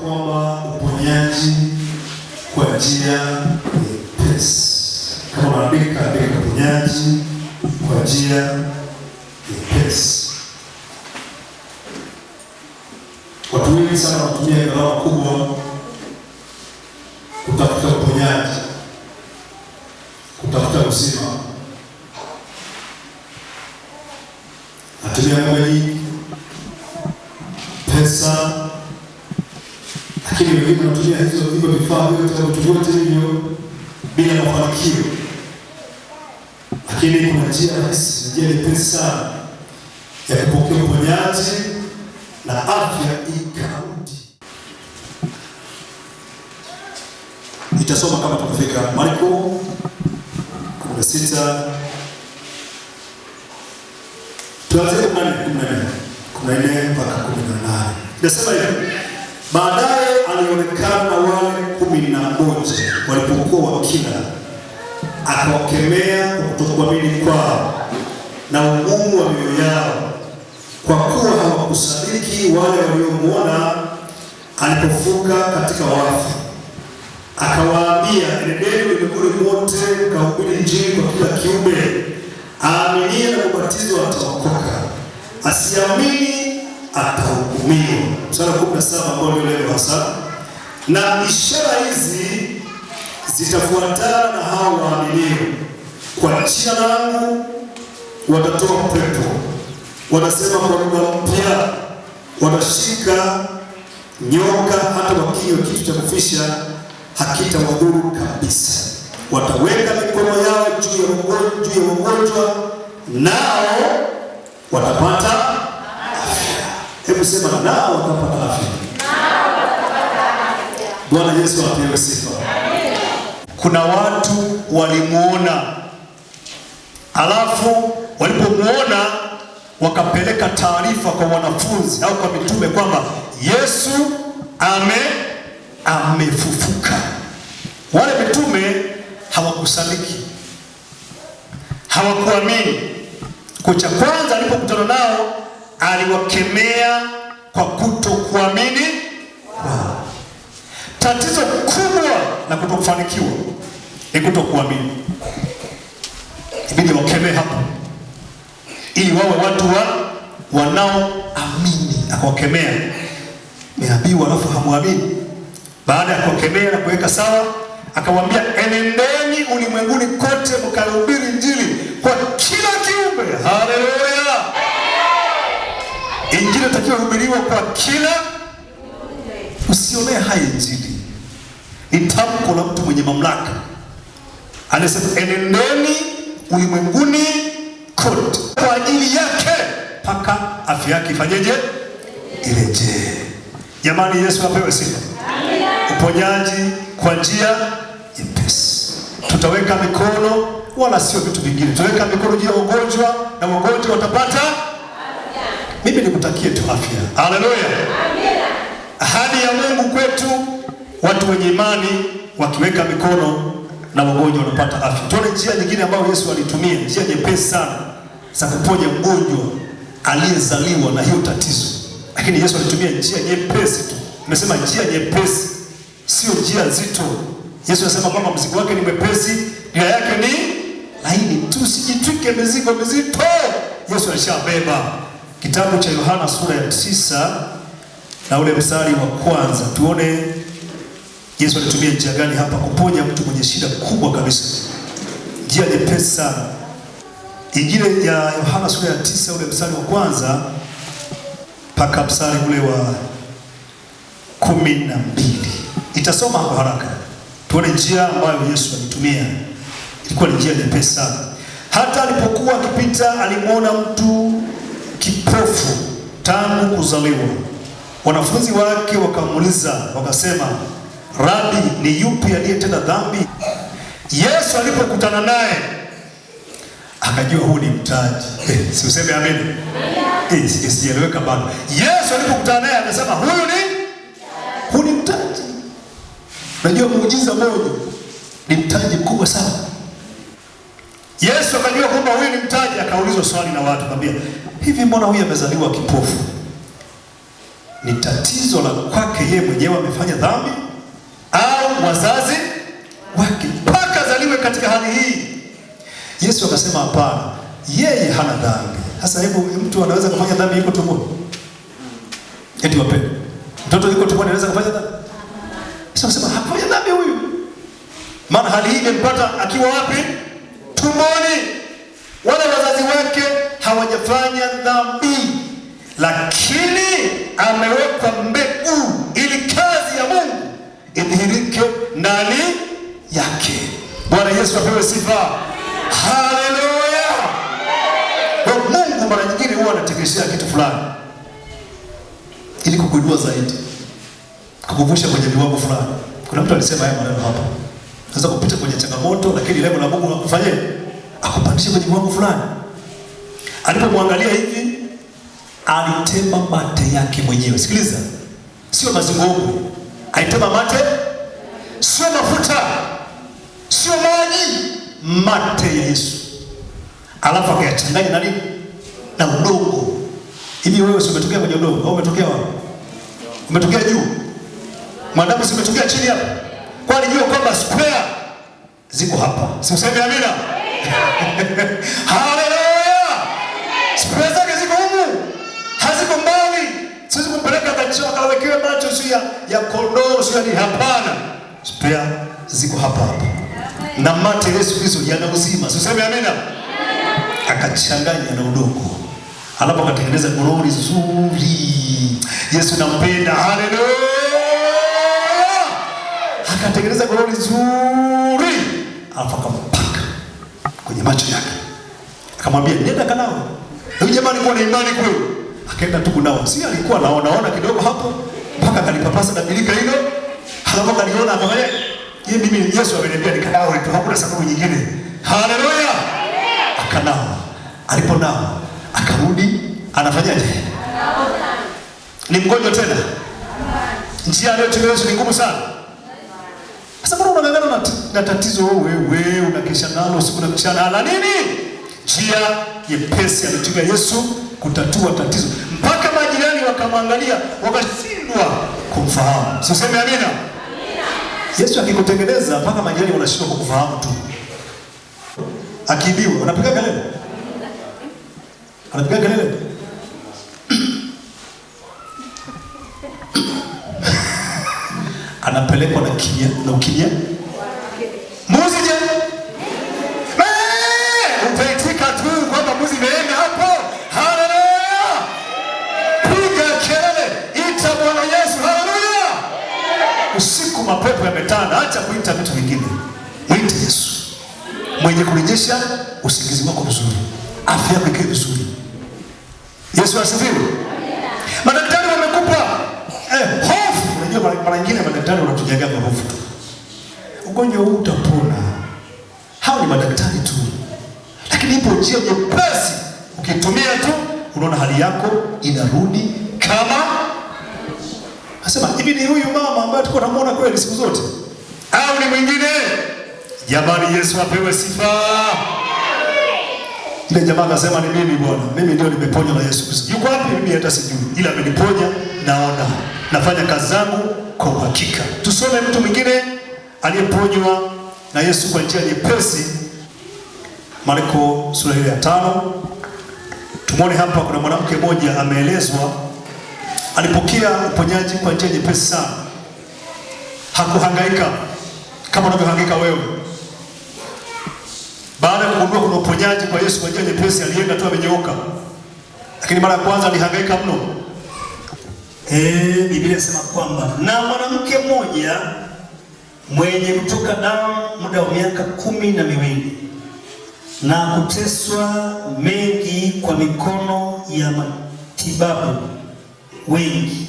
kwamba uponyaji kwa njia nyepesi, kama unaandika andika uponyaji kwa njia nyepesi. Watu wengi sana wanatumia gharama kubwa kutafuta uponyaji, kutafuta usia vifaa vyote na vitu vyote hivyo bila mafanikio, lakini kuna njia rahisi, njia nyepesi sana ya kupokea uponyaji na afya ikarudi. Itasoma kama tunafika Marko sita tuanzie kumi kumi 14 14 mpaka kumi na nane inasema hivi: baadaye alionekana wale kumi na moja walipokuwa wakila, akawakemea kwa kutokuamini kwao na ugumu wa mioyo yao, kwa kuwa hawakusadiki wale waliomwona alipofuka katika wafu. Akawaambia, enendeni ulimwenguni mote mkahubiri Injili kwa kila kiumbe. Aaminie na kubatizwa ataokoka, asiamini atahukumiwa. Mstari kumi na saba ambao ndio leo hasa na ishara hizi zitafuatana na hao waaminio, Kwa jina langu watatoa pepo, wanasema kwa lugha mpya, wanashika nyoka, hata wakinywa kitu cha kufisha hakitawadhuru kabisa. Wataweka mikono yao juu ya wagonjwa, nao watapata afya. Hebu sema, nao watapata afya. Bwana Yesu apewe sifa. Kuna watu walimuona, alafu walipomuona wakapeleka taarifa kwa wanafunzi au kwa mitume kwamba Yesu ame amefufuka. Wale mitume hawakusaliki, hawakuamini. Kocha kwanza alipokutana nao aliwakemea kwa kutokuamini kwao. Tatizo kubwa la kutokufanikiwa ni kutokuamini. Ibidi wakemee hapo, ili wawe watu wa wanaoamini. Akawakemea meabiwa, alafu hamwamini. Baada ya kuwakemea na kuweka sawa, akawaambia enendeni ulimwenguni kote mkahubiri Injili kwa kila kiumbe. Haleluya! Injili takiwa hubiriwa kwa kila usionee hai Injili ni tamko la mtu mwenye mamlaka. Anasema enendeni ulimwenguni kote kwa ajili yake mpaka afya yake ifanyeje? Irejee. Jamani, Yesu apewe sifa. Uponyaji kwa njia nyepesi, tutaweka mikono wala sio vitu vingine, tutaweka mikono juu ya wagonjwa na wagonjwa watapata afya. Mimi nikutakie tu afya. Haleluya, amina. Ahadi ya Mungu kwetu watu wenye imani wakiweka mikono na wagonjwa wanapata afya. Tuone njia nyingine ambayo Yesu alitumia, njia nyepesi sana za kuponya mgonjwa aliyezaliwa na hiyo tatizo, lakini Yesu alitumia njia nyepesi tu. Amesema njia nyepesi, sio njia nzito. Yesu anasema kwamba mzigo wake ni mwepesi, nia yake ni laini. Tusijitwike mizigo mizito, Yesu alishabeba. Kitabu cha Yohana sura ya tisa na ule mstari wa kwanza tuone Yesu alitumia njia gani hapa kuponya mtu mwenye shida kubwa kabisa? Njia nyepesi sana. Injili ya Yohana sura ya tisa ule mstari wa kwanza mpaka mstari ule wa kumi na mbili itasoma hapo haraka, tuone njia ambayo Yesu alitumia. Ilikuwa ni njia nyepesi sana. Hata alipokuwa akipita, alimwona mtu kipofu tangu kuzaliwa. Wanafunzi wake wakamuuliza wakasema Rabi, ni yupi aliyetenda dhambi? Yesu alipokutana naye akajua huu ni mtaji. Eh, si useme amen. Eh, sijaeleweka eh, bado. Yesu alipokutana naye akasema huyu ni huu ni mtaji. Najua muujiza mmoja ni mtaji mkubwa sana. Yesu akajua kwamba huyu ni mtaji, akaulizwa swali na watu, akamwambia hivi, mbona huyu amezaliwa kipofu? Ni tatizo la kwake yeye mwenyewe, amefanya dhambi wazazi wake mpaka azaliwe katika hali hii. Yesu akasema hapana, yeye hana dhambi. Sasa hebu mtu anaweza kufanya dhambi yuko tumboni? Eti wape mtoto yuko tumboni anaweza kufanya dhambi? Sasa akasema hakuna dhambi huyu, maana hali hii imempata akiwa wapi? Tumboni. Wale wazazi wake hawajafanya dhambi, lakini amewekwa mbele ndani yake. Bwana Yesu apewe sifa, haleluya. Kwa Mungu mara nyingine huwa anategeshea kitu fulani ili kukuinua zaidi, kukuvusha kwenye viwango fulani. Kuna mtu alisema haya maneno hapa, naweza kupita kwenye changamoto, lakini lengo la Mungu akufanye akupandishe kwenye viwango fulani. Alipomwangalia hivi, alitema mate yake mwenyewe. Sikiliza, sio mazungumzo, aitema mate mate ya Yesu, alafu akayachanganya na nini? Na udongo. Hivi wewe si umetokea kwenye udongo au umetokea wapi? Umetokea juu? Mwanadamu si umetokea chini hapa? Kwani jua kwamba square ziko hapa. Si useme amina? Haleluya! Square zake ziko humu. Haziko mbali. Siwezi kumpeleka kanisa akawekewe macho sio ya kondoo sio ni hapana. Spea ziko hapa hapa na mate Yesu Kristo yana uzima. Usiseme amena. Akachanganya na udongo. Alafu akatengeneza glory nzuri. Yesu nampenda. Haleluya. Akatengeneza glory nzuri. Alafu akampaka kwenye macho yake. Akamwambia nenda kanao. Huyu jamaa alikuwa na imani kweli. Akaenda tu kunao. Si alikuwa anaona ona kidogo hapo mpaka kalipapasa na bilika hilo. Halafu akaliona akamwambia yeye mimi Yesu ameniambia nikanawe tu, hakuna sababu nyingine. Haleluya! Akanawa. Aliponawa akarudi, anafanyaje? Ni mgonjwa tena. Njia aliyotumia Yesu ni ngumu sana. Sasa mbona unang'ang'ana na tatizo oh, wewe, wewe unakesha nalo usiku na mchana la nini? Njia nyepesi alitumia Yesu kutatua tatizo, mpaka majirani wakamwangalia wakashindwa kumfahamu. Siseme amina. Yesu akikutengeneza mpaka majirani wanashindwa kukufahamu tu. Akiibiwa anapiga kelele, anapiga kelele anapelekwa na kimya na ukimya mapepo yametanda, acha kuita vitu vingine, mwite Yesu mwenye kurejesha usingizi wako vizuri, afya yako ikae vizuri. Yesu asifiwe. Madaktari wamekupa eh, hofu. Unajua mara nyingine madaktari wanatujaga kwa hofu tu, ugonjwa huu utapona. Hao ni madaktari tu, lakini ipo njia nyepesi ukitumia tu, unaona hali yako inarudi kama Akasema hivi ni huyu mama ambaye tulikuwa tunamuona kweli siku zote au ni mwingine? Jamani, Yesu apewe sifa. Ile jamaa akasema ni mimi bwana, mimi ndio nimeponywa na Yesu Kristo. Yuko wapi? Mimi hata sijui, ila ameniponya, naona nafanya kazi zangu kwa uhakika. Tusome mtu mwingine aliyeponywa na Yesu kwa njia nyepesi, Marko sura ya tano. Tumwone hapa, kuna mwanamke mmoja ameelezwa Alipokea uponyaji kwa njia nyepesi sana. Hakuhangaika kama unavyohangaika wewe. Baada ya kugundua kuna uponyaji kwa Yesu kwa njia nyepesi, alienda tu amenyooka. Lakini mara ya kwanza alihangaika mno. Eh, Biblia inasema kwamba na mwanamke mmoja mwenye kutoka damu muda wa miaka kumi na miwili na kuteswa mengi kwa mikono ya matibabu wengi,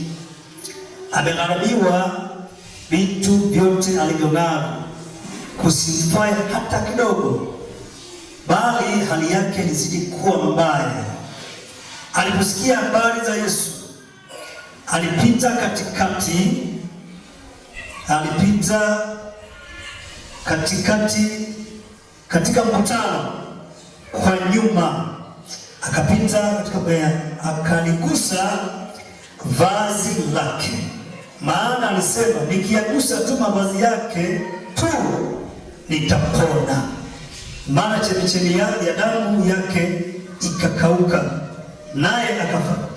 amegharamiwa vitu vyote alivyonavyo, kusimfae hata kidogo, bali hali yake ilizidi kuwa mbaya. Aliposikia habari za Yesu, alipita katikati alipita katikati katika mkutano kwa nyuma, akapita katika, akaligusa vazi lake, maana alisema nikiagusa tu mavazi yake tu nitapona. maana chemichemi ya damu yake ikakauka, naye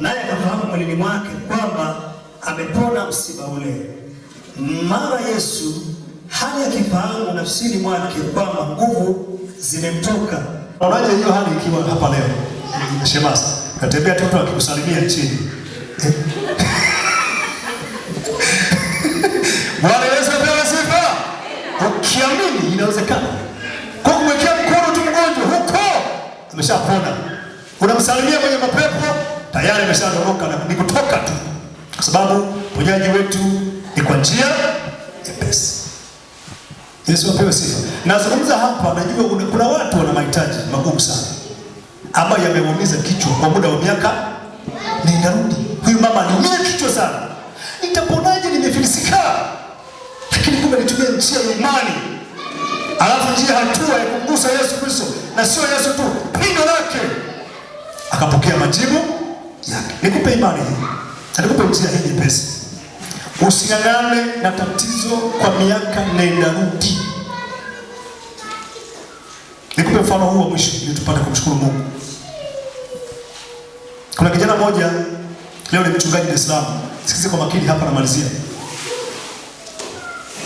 naye akafahamu mwilini mwake kwamba amepona msiba ule. Mara Yesu hali akifahamu nafsini mwake kwamba nguvu zimemtoka. Unaje hiyo hali ikiwa hapa leo Shemasi, katembea toto akikusalimia chini Bwana Yesu apewe sifa. Ukiamini inawezekana. Kwa kumwekea mkono tu mgonjwa huko ameshapona, unamsalimia kwenye mapepo tayari ameshaondoka, na ni kutoka tu, kwa sababu ponyaji wetu ni kwa njia nyepesi. Yesu apewe sifa. Nazungumza hapa, najua kuna watu wana mahitaji magumu sana ambayo yameumiza kichwa kwa muda wa miaka ninarudi Huyu mama aliumia kichwa sana, nitaponaje? Nimefilisika. Lakini kumbe nitumie njia ya imani, alafu njia hatua ya kumgusa Yesu Kristo, na sio Yesu tu, pindo lake, akapokea majibu yake. Nikupe imani hii, nikupe njia hii nyepesi. Usiangane na tatizo kwa miaka nenda rudi. Nikupe mfano huu wa mwisho ili tupate kumshukuru Mungu. Kuna kijana mmoja Leo ni mchungaji Dar es Salaam, sikize kwa makini hapa, namalizia.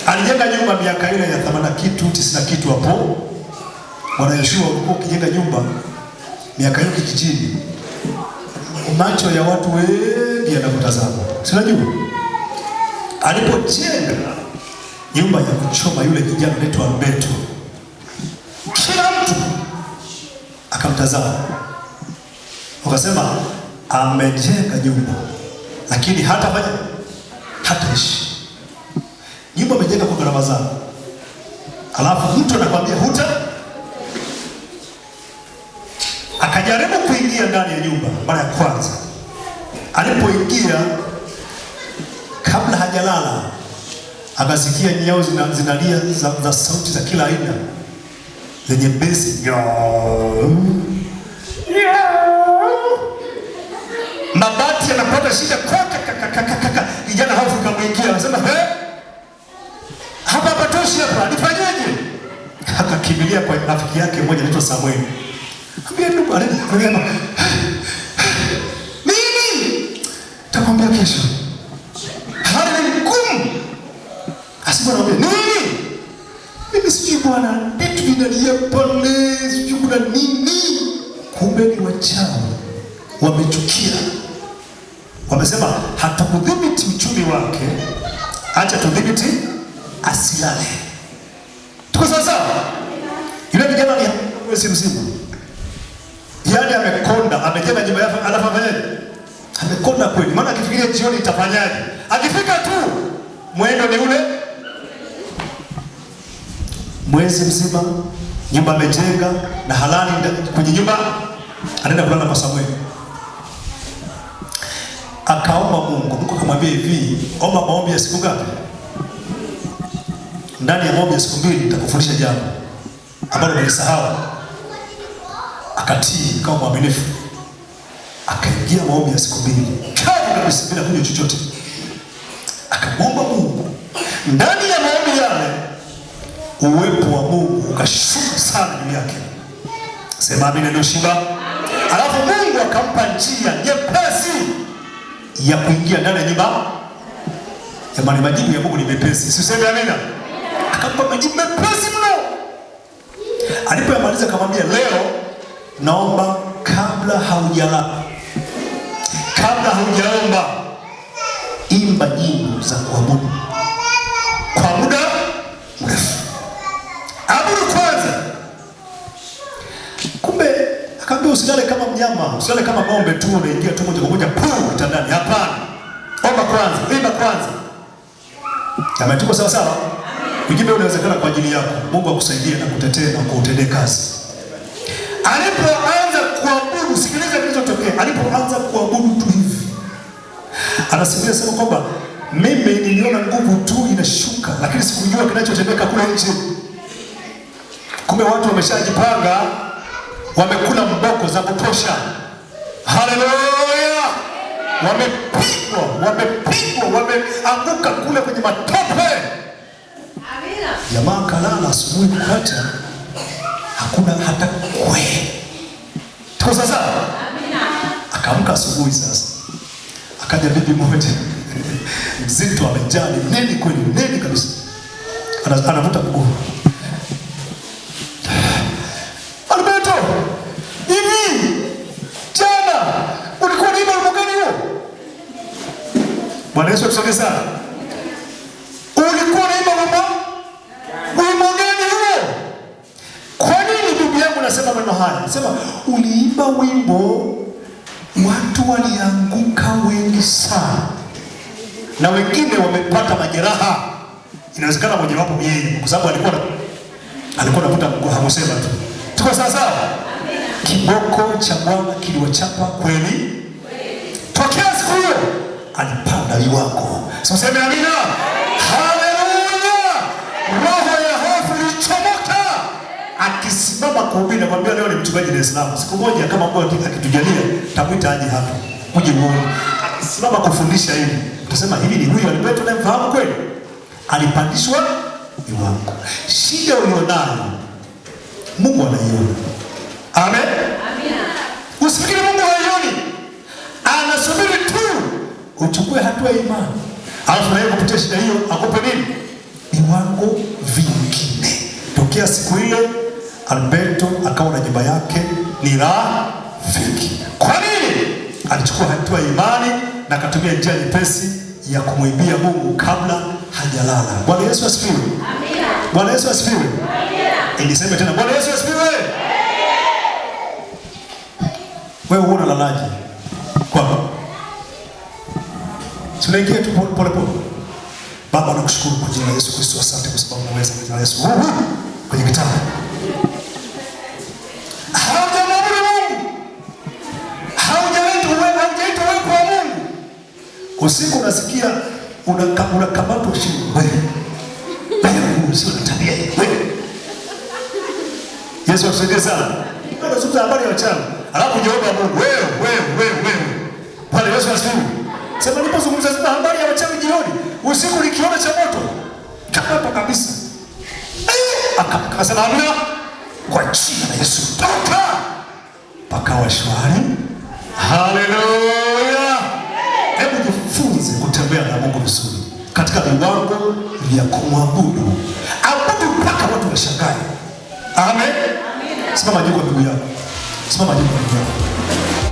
Alijenga nyumba miaka ile ya thamana kitu 90 kitu hapo. Bwana Yeshua, ulikuwa ukijenga nyumba miaka hiyo kijijini, macho ya watu wengi yanakutazama, sinajua. Alipojenga nyumba ya kuchoma, yule kijana anaitwa Mbeto, kila mtu akamtazama, wakasema amejenga nyumba lakini hata fanya hataishi. Nyumba amejenga kwa gharama zangu, alafu mtu anakwambia huta. Akajaribu kuingia ndani ya nyumba mara ya kwanza, alipoingia kabla hajalala akasikia nyao zina, zinalia za, za sauti za kila aina lenye besi wakati anapata shida kote kijana hofu ikamwingia, anasema he, hapa hapatoshi, hapa nifanyeje? Akakimbilia kwa rafiki yake mmoja anaitwa Samuel, ambia ndugu, anasema mimi takwambia kesho, hali ni ngumu, nini, mimi sijui bwana, vitu vinalia pale, sijui kuna nini. Kumbe ni wachawi wamechukia Wamesema hata kudhibiti uchumi wake, acha tudhibiti asilale. Tuko sawa sawa? Yule kijana ni mwezi mzima, yaani amekonda, amejenga nyumba yake, alafu afanyaje? Amekonda kweli, maana akifikiria jioni itafanyaje, akifika tu mwendo ni ule mwezi mzima, nyumba amejenga na halali kwenye nyumba, anaenda kulala kwa Samueli akaomba Mungu. Mungu akamwambia hivi, omba maombi ya siku ngapi? Ndani ya maombi ya siku mbili nitakufundisha jambo ambalo nilisahau. Akatii, akawa mwaminifu, akaingia maombi ya siku mbili kama kabisa bila kunywa chochote, akamwomba Mungu. Ndani ya maombi yale uwepo wa Mungu ukashuka sana juu yake. Sema amina, ndio shiba. Alafu Mungu akampa njia nyepesi ya kuingia ndani ya nyumba. Jamani, majibu ya Mungu ni mepesi, si useme amina? Akampa majibu mepesi mno. Alipoyamaliza akamwambia, leo naomba kabla haujala, kabla haujaomba, imba nyimbo za kuabudu kwa muda mrefu, abudu kwanza. Kumbe akaambia usilale kama mnyama, usilale kama ng'ombe tu, unaingia tu moja kwa moja puu kitandani kwanza, imba kwanza. Amen, tuko sawa sawa. Ujumbe unawezekana kwa ajili yako. Mungu akusaidie na kutetea na kuutendea kazi. Alipoanza kuabudu, sikiliza kilichotokea. Alipoanza kuabudu tu hivi, anasimulia sema kwamba mimi niliona nguvu tu inashuka, lakini sikujua kinachotendeka kule nje. Kumbe watu wameshajipanga, wamekula mboko za kutosha. Haleluya! wamepigwa, wamepigwa, wameanguka kule kwenye matope. Jamaa kalala, asubuhi kukata, hakuna hata kwe. Tuko sasa, akaamka asubuhi sasa, akaja bibi moja mzito, amejali nini kweli, nini kabisa, anavuta mguu Bwana Yesu tusogee sana. Ulikuwa unaimba wimbo wimbo gani huo? Kwa nini ndugu yangu nasema maneno haya? Nasema uliimba wimbo watu walianguka wengi sana, na wengine wamepata majeraha. Inawezekana mwenye yeye, kwa sababu alikuwa alikuwa anavuta mguu, hakusema tu. Tuko sawa sawa? Kiboko cha Bwana kiliwachapa kweli, tokea siku hiyo alipaa ukali wako. Saseme amina, haleluya! Roho ya hofu ilichomoka. Akisimama kuhubiri, nakwambia leo ni mchungaji Dar es Salaam. Siku moja kama kwa Mungu akitujalia, tamuita aje hapa uje uone. Akisimama kufundisha hivi, utasema hivi ni huyu na mfahamu kweli? Alipandishwa iwangu. Shida ulionayo Mungu anaiona. Amen, amina. Usifikiri Mungu haioni, anasubiri uchukue hatua ya imani, alafu yeye kupitia shida hiyo akupe nini? Viwango vingine. Tokea siku ile Alberto akawa na nyumba yake ni rafiki. Kwa nini? Alichukua hatua ya imani na akatumia njia nyepesi ya kumwimbia Mungu kabla hajalala. Bwana Yesu asifiwe. Amina. Bwana Yesu asifiwe. Amina. Ilisema tena Bwana Yesu asifiwe. Wewe unalalaje? Kwa tunaingia tu pole pole. Baba, nakushukuru kwa jina la Yesu Kristo, asante kwa sababu unaweza kwa jina la Yesu. Kwenye kitabu Usiku unasikia unakamatwa chini, wewe wewe, sio na wewe. Yesu atusaidie sana, ndio tunazungumza habari ya uchawi, alafu jeomba Mungu wewe wewe wewe wewe, Bwana Yesu asifiwe. Sasa nilipozungumza sasa habari ya wachawi jioni, usiku nikiona cha moto, nikakapa kabisa. Akakaka eh, sana hamna kwa jina la Yesu. Toka. Pakawa shwari. Haleluya. Hebu jifunze kutembea na Mungu vizuri katika viwango vya kumwabudu. Abudu mpaka watu washangae. Amen. Amen. Simama juu kwa ndugu yako. Simama juu kwa ndugu yako.